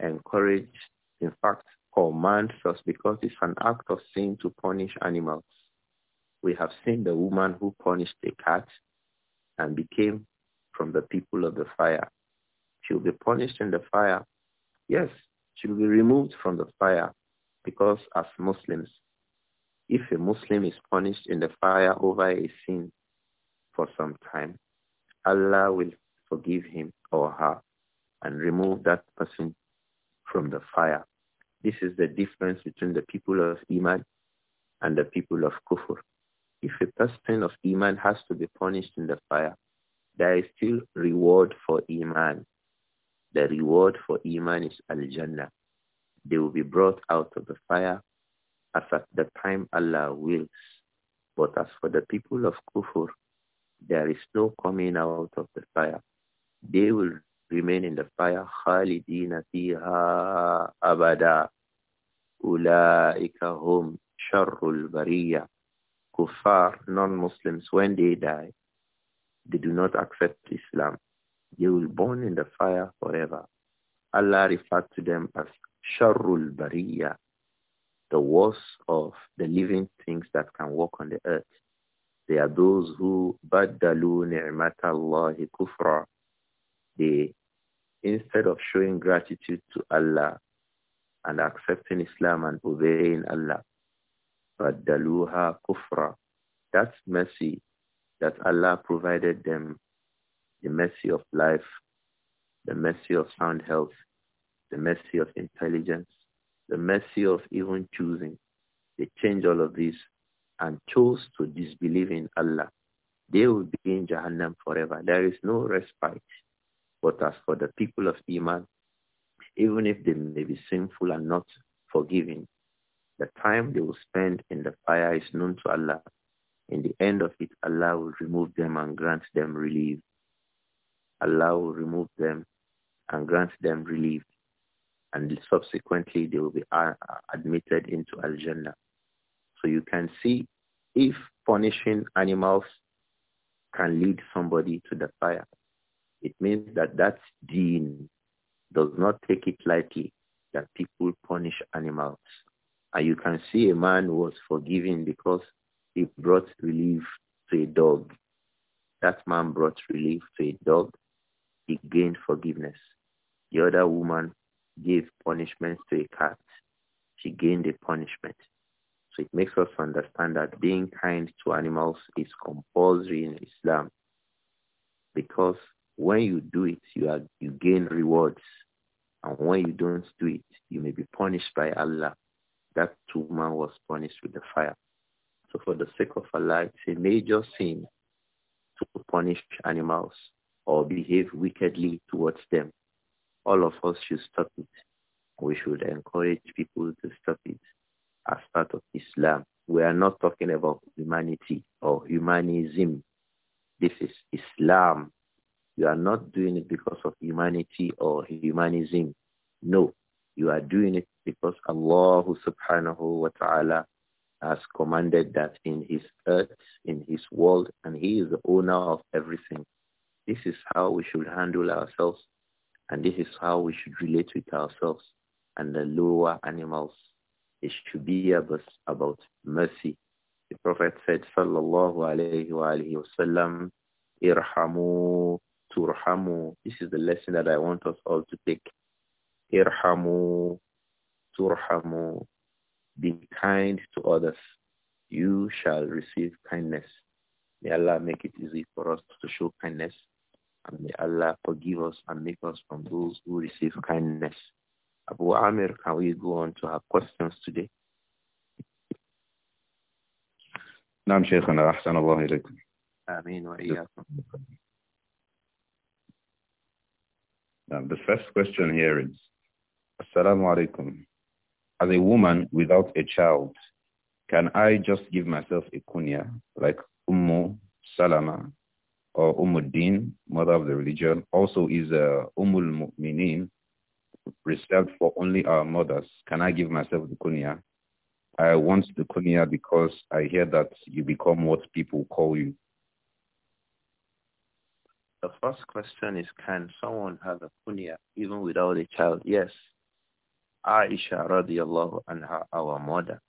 encourages, in fact, commands us because it's an act of sin to punish animals. We have seen the woman who punished the cat and became from the people of the fire. She'll be punished in the fire. Yes, she'll be removed from the fire because as Muslims, if a Muslim is punished in the fire over a sin for some time, Allah will forgive him or her and remove that person from the fire. This is the difference between the people of Iman and the people of Kufr if a person of Iman has to be punished in the fire, there is still reward for Iman. The reward for Iman is Al-Jannah. They will be brought out of the fire as at the time Allah wills. But as for the people of Kufur, there is no coming out of the fire. They will remain in the fire. خَالِدِينَ فِيهَا أَبَدًا أُولَٰئِكَ هُمْ شَرُّ الْبَرِيَّةِ kuffar, non-Muslims, when they die, they do not accept Islam. They will burn in the fire forever. Allah referred to them as Sharul bariyah, the worst of the living things that can walk on the earth. They are those who badalu ni'matallahi kufra. They, instead of showing gratitude to Allah and accepting Islam and obeying Allah, فَدَّلُوهَا kufra. That mercy that Allah provided them, the mercy of life, the mercy of sound health, the mercy of intelligence, the mercy of even choosing. They change all of this and chose to disbelieve in Allah. They will be in Jahannam forever. There is no respite. But as for the people of Iman, even if they may be sinful and not forgiving, the time they will spend in the fire is known to Allah. In the end of it, Allah will remove them and grant them relief. Allah will remove them and grant them relief. And subsequently, they will be uh, admitted into Al-Jannah. So you can see if punishing animals can lead somebody to the fire, it means that that deen does not take it lightly that people punish animals. And you can see a man was forgiven because he brought relief to a dog. That man brought relief to a dog. He gained forgiveness. The other woman gave punishment to a cat. She gained a punishment. So it makes us understand that being kind to animals is compulsory in Islam because when you do it, you, are, you gain rewards. And when you don't do it, you may be punished by Allah that woman was punished with the fire. So for the sake of Allah, it's a major sin to punish animals or behave wickedly towards them. All of us should stop it. We should encourage people to stop it as part of Islam. We are not talking about humanity or humanism. This is Islam. You are not doing it because of humanity or humanism. No, you are doing it because Allah subhanahu wa ta'ala has commanded that in his earth, in his world, and he is the owner of everything. This is how we should handle ourselves, and this is how we should relate with ourselves and the lower animals. It should be about mercy. The Prophet said, Sallallahu alayhi wa alayhi wa sallam, Irhamu turhamu. This is the lesson that I want us all to take. Irhamu turhamu. Be kind to others. You shall receive kindness. May Allah make it easy for us to show kindness. And may Allah forgive us and make us from those who receive kindness. Abu Amir, can we go on to have questions today? نعم شيخنا أحسن الله إليكم آمين وإياكم the first question here is, Assalamu alaikum as a woman without a child, can I just give myself a kunya like Ummu Salama or Ummuddin, mother of the religion? Also is uh, Ummul Mu'minin, reserved for only our mothers. Can I give myself the kunya? I want the kunya because I hear that you become what people call you. The first question is, can someone have a kunya even without a child? Yes, Aisha radiallahu anha, our mother,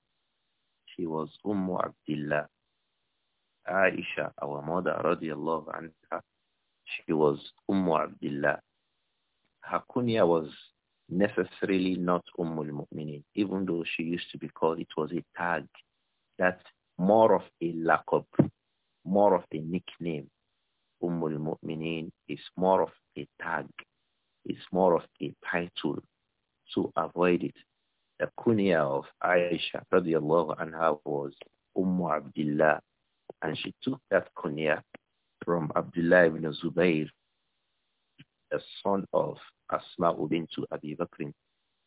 she was Umm Abdullah. Aisha, our mother radiallahu anha, she was Umm Abdullah. Her kunya was necessarily not Ummul Mu'minin, even though she used to be called, it was a tag. That's more of a laqab, more of a nickname. Ummul Mu'minin is more of a tag. It's more of a title to avoid it. The kunya of Aisha radiallahu anha was Umm Abdullah and she took that kunya from Abdullah ibn Zubayr, the son of Asma bint Abi Bakr,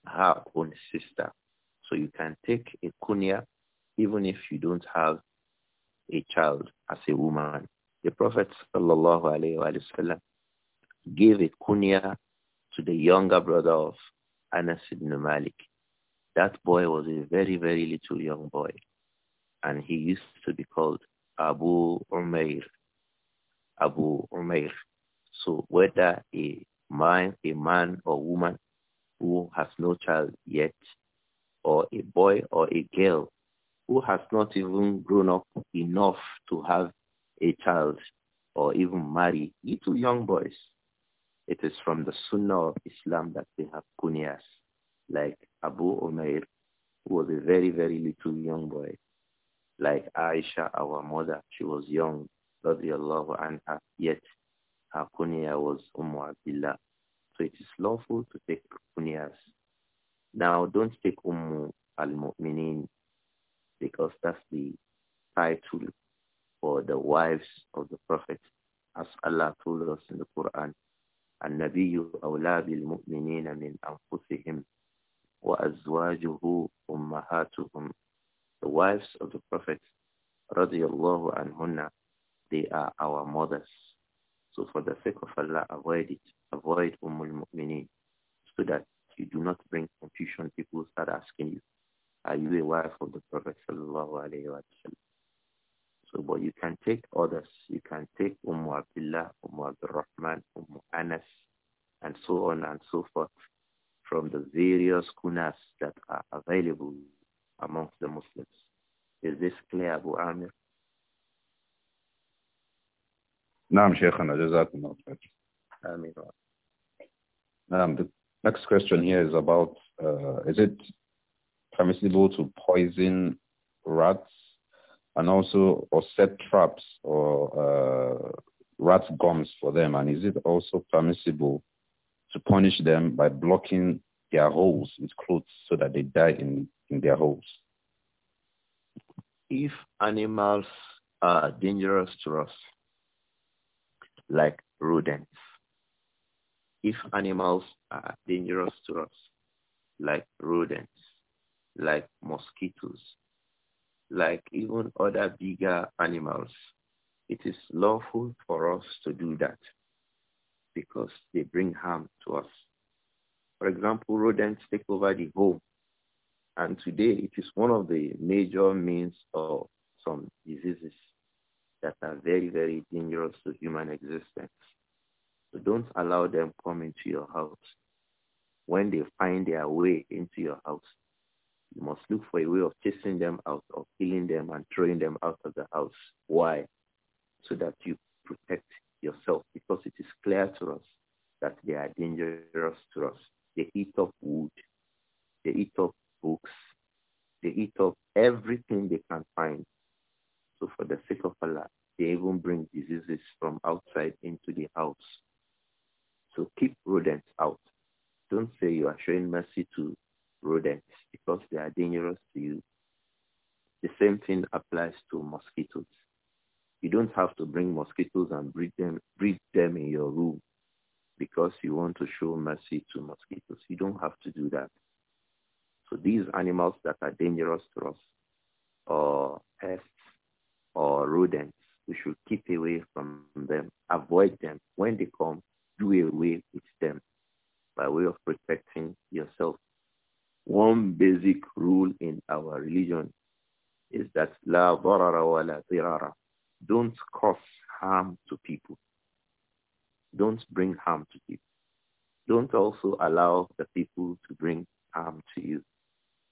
her own sister. So you can take a kunya even if you don't have a child as a woman. The Prophet sallallahu alayhi wa sallam gave a kunya to the younger brother of Anas ibn Malik. That boy was a very, very little young boy. And he used to be called Abu Umair. Abu Umair. So whether a man, a man or woman who has no child yet, or a boy or a girl who has not even grown up enough to have a child or even marry, little young boys, it is from the Sunnah of Islam that they have kunyas, like Abu Umair, who was a very, very little young boy, like Aisha, our mother. She was young, radiallahu anha, yet her kunya was Ummu Abdullah. So it is lawful to take kunyas. Now, don't take Ummu al-Mu'minin because that's the title for the wives of the Prophet as Allah told us in the Quran. النبي أولى بالمؤمنين من أنفسهم وأزواجه أمهاتهم The wives of the Prophet رضي الله عنهن They are our mothers So for the sake of Allah avoid it Avoid Ummul muminin So that you do not bring confusion People start asking you Are you a wife of the Prophet sallallahu الله wa so, but you can take others. You can take Umm Abdullah, Umm Abdurrahman, Umm Anas, and so on and so forth from the various kunas that are available amongst the Muslims. Is this clear, Abu Amir? نعم شيخنا جزاكم الله خير. Um, the next question here is about, uh, is it permissible to poison rats and also or set traps or uh, rat gums for them? And is it also permissible to punish them by blocking their holes with clothes so that they die in, in their holes? If animals are dangerous to us, like rodents, if animals are dangerous to us, like rodents, like mosquitoes, like even other bigger animals. It is lawful for us to do that because they bring harm to us. For example, rodents take over the home. And today it is one of the major means of some diseases that are very, very dangerous to human existence. So don't allow them come into your house. When they find their way into your house, you must look for a way of chasing them out, of killing them and throwing them out of the house. Why? So that you protect yourself because it is clear to us that they are dangerous to us. They eat up wood. They eat up books. They eat up everything they can find. So for the sake of Allah, they even bring diseases from outside into the house. So keep rodents out. Don't say you are showing mercy to rodents because they are dangerous to you. The same thing applies to mosquitoes. You don't have to bring mosquitoes and breed them, breed them in your room because you want to show mercy to mosquitoes. You don't have to do that. So these animals that are dangerous to us or pests or rodents, we should keep away from them, avoid them. When they come, do away with them by way of protecting yourself one basic rule in our religion is that لا ضرر ولا la Don't cause harm to people. Don't bring harm to people. Don't also allow the people to bring harm to you.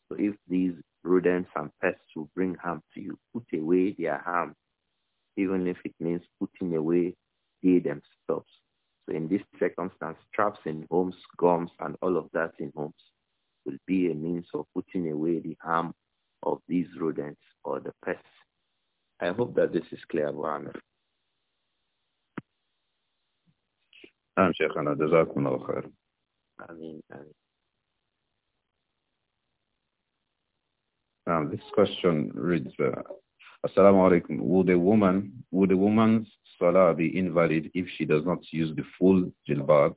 So if these rodents and pests will bring harm to you, put away their harm, even if it means putting away they themselves. So in this circumstance, traps in homes, gums, and all of that in homes will be a means of putting away the harm of these rodents or the pests. I hope that this is clear, Muhammad. نعم شيخنا جزاكم الله Khair. آمين آمين Now this question reads, uh, Assalamu alaikum. Would a woman, would a woman's salah be invalid if she does not use the full jilbab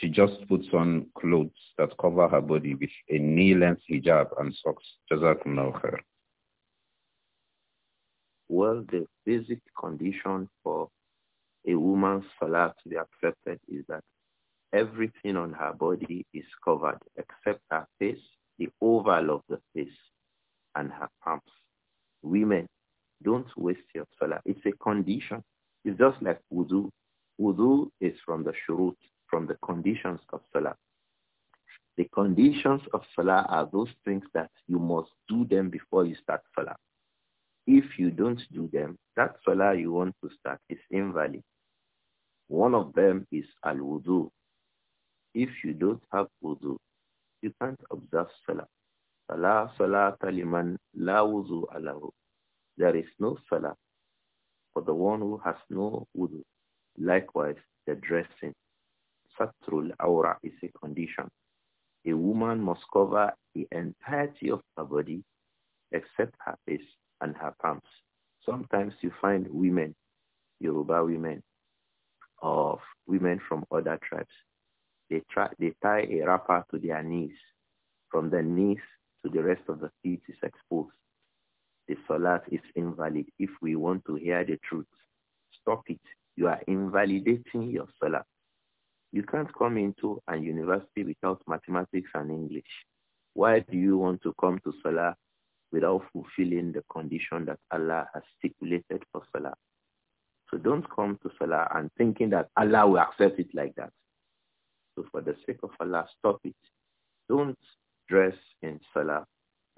she just puts on clothes that cover her body with a knee-length hijab and socks. Jazakumullah khair. Well, the basic condition for a woman's salah to be accepted is that everything on her body is covered except her face, the oval of the face, and her palms. Women, don't waste your salah. It's a condition. It's just like wudu. Wudu is from the shurut, from the conditions of Salah. The conditions of Salah are those things that you must do them before you start Salah. If you don't do them, that Salah you want to start is invalid. One of them is al-wudu. If you don't have wudu, you can't observe Salah. Salah, Salah, Taliman, La wudu alahu. There is no Salah for the one who has no wudu. Likewise, the dressing. Satrul aura is a condition. A woman must cover the entirety of her body except her face and her palms. Sometimes you find women, Yoruba women, of women from other tribes. They, try, they tie a wrapper to their knees. From the knees to the rest of the feet is exposed. The salat is invalid. If we want to hear the truth, stop it. You are invalidating your salat. You can't come into a university without mathematics and English. Why do you want to come to Salah without fulfilling the condition that Allah has stipulated for Salah? So don't come to Salah and thinking that Allah will accept it like that. So for the sake of Allah, stop it. Don't dress in Salah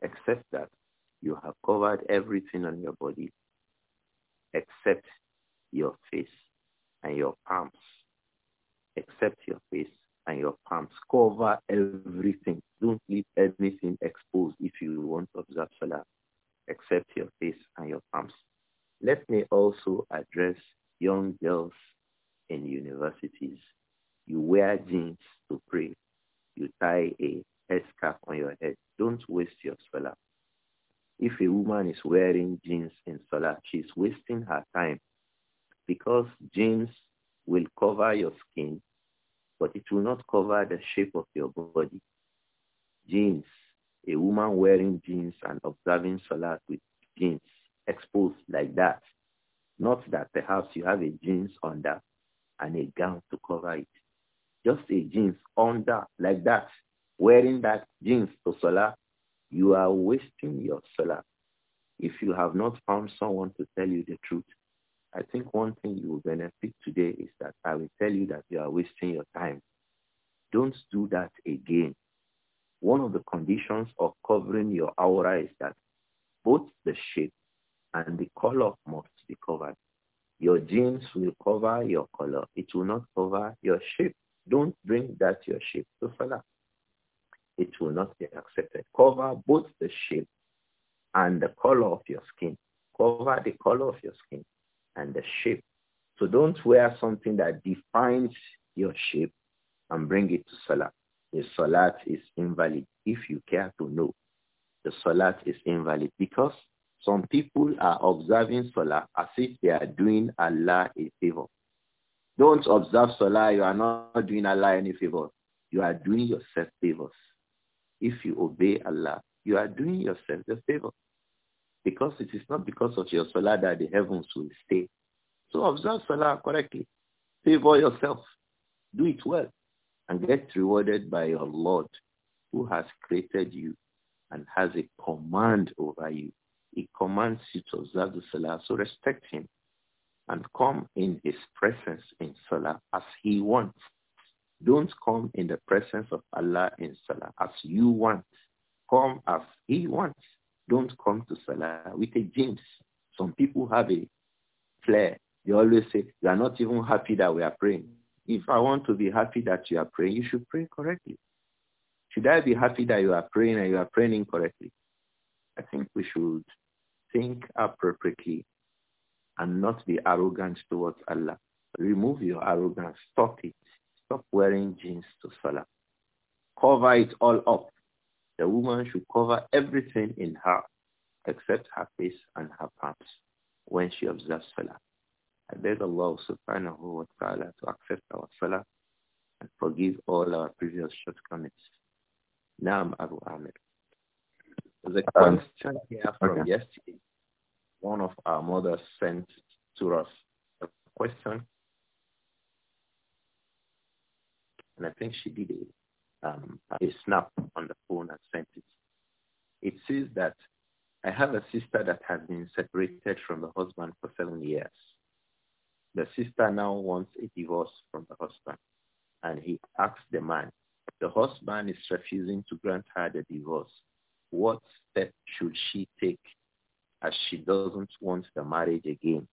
except that you have covered everything on your body Cover everything. Don't leave anything exposed if you want to observe Salah, except your face and your arms. Let me also address young girls in universities. You wear jeans to pray. You tie a headscarf on your head. Don't waste your Salah. If a woman is wearing jeans in Salah, she's wasting her not cover the shape of your body. Jeans, a woman wearing jeans and observing salah with jeans exposed like that. Not that perhaps you have a jeans under and a gown to cover it. Just a jeans under like that, wearing that jeans to salah, you are wasting your salah. If you have not found someone to tell you the truth, I think one thing you will benefit today is that I will tell you that you are wasting your time don't do that again. One of the conditions of covering your aura is that both the shape and the color must be covered. Your jeans will cover your color. It will not cover your shape. Don't bring that your shape to fella. It will not be accepted. Cover both the shape and the color of your skin. Cover the color of your skin and the shape. So don't wear something that defines your shape and bring it to Salah. The Salat is invalid if you care to know. The Salat is invalid because some people are observing Salah as if they are doing Allah a favor. Don't observe Salah. You are not doing Allah any favor. You are doing yourself favors. If you obey Allah, you are doing yourself a favor. Because it is not because of your Salah that the heavens will stay. So observe Salah correctly. Favor yourself. Do it well and get rewarded by your Lord who has created you and has a command over you. He commands you to observe the Salah, so respect him and come in his presence in Salah as he wants. Don't come in the presence of Allah in Salah as you want. Come as he wants. Don't come to Salah with a jinx. Some people have a flair. They always say, you are not even happy that we are praying. If I want to be happy that you are praying, you should pray correctly. Should I be happy that you are praying and you are praying correctly? I think we should think appropriately and not be arrogant towards Allah. Remove your arrogance. Stop it. Stop wearing jeans to Salah. Cover it all up. The woman should cover everything in her except her face and her palms when she observes Salah. I beg Allah subhanahu wa ta'ala to accept our salah and forgive all our previous shortcomings. Naam Abu Amir. The um, question here from okay. yesterday, one of our mothers sent to us a question, and I think she did a, um, a snap on the phone and sent it. It says that I have a sister that has been separated from the husband for seven years the sister now wants a divorce from the husband and he asks the man, the husband is refusing to grant her the divorce. What step should she take as she doesn't want the marriage again?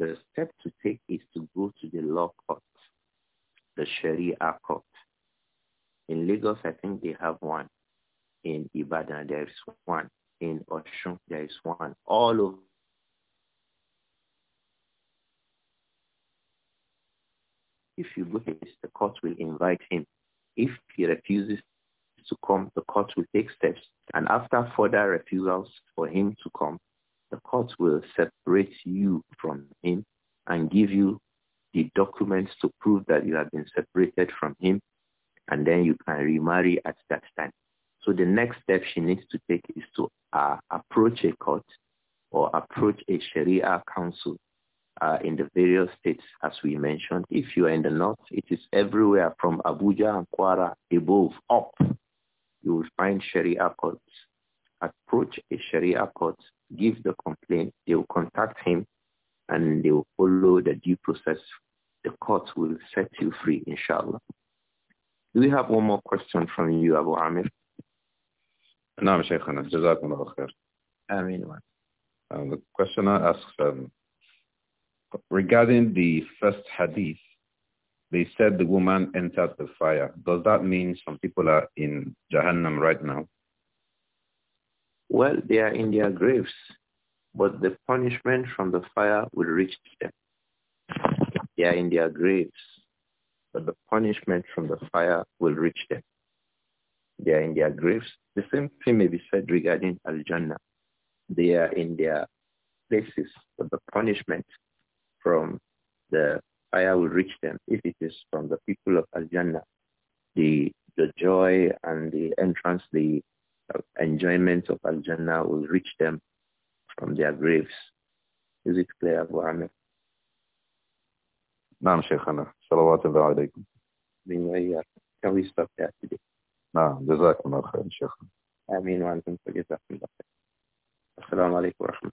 The step to take is to go to the law court, the Sharia court. In Lagos, I think they have one. In Ibadan, there is one. In Oshun, there is one. All over. If you go, the court will invite him. If he refuses to come, the court will take steps. And after further refusals for him to come, the court will separate you from him and give you the documents to prove that you have been separated from him. And then you can remarry at that time. So the next step she needs to take is to uh, approach a court or approach a Sharia council uh, in the various states, as we mentioned. If you are in the north, it is everywhere from Abuja and Kwara above up. You will find Sharia courts. Approach a Sharia court, give the complaint. They will contact him, and they will follow the due process. The court will set you free, inshallah. Do we have one more question from you, Abu Amir? نعم شيخنا جزاكم Khair. Amin. Um, the questioner asks um, regarding the first hadith, they said the woman entered the fire. Does that mean some people are in Jahannam right now? Well, they are in their graves, but the punishment from the fire will reach them. They are in their graves, but the punishment from the fire will reach them. They are in their graves. The same thing may be said regarding Al-Jannah. They are in their places, but the punishment from the fire will reach them. If it is from the people of al the, the joy and the entrance, the uh, enjoyment of al will reach them from their graves. Is it clear, Abu Amir? نعم شيخنا صلوات الله عليكم من وإياك كم يستطيع today نعم جزاكم الله خير شيخنا آمين وأنتم جزاكم الله خير السلام عليكم ورحمة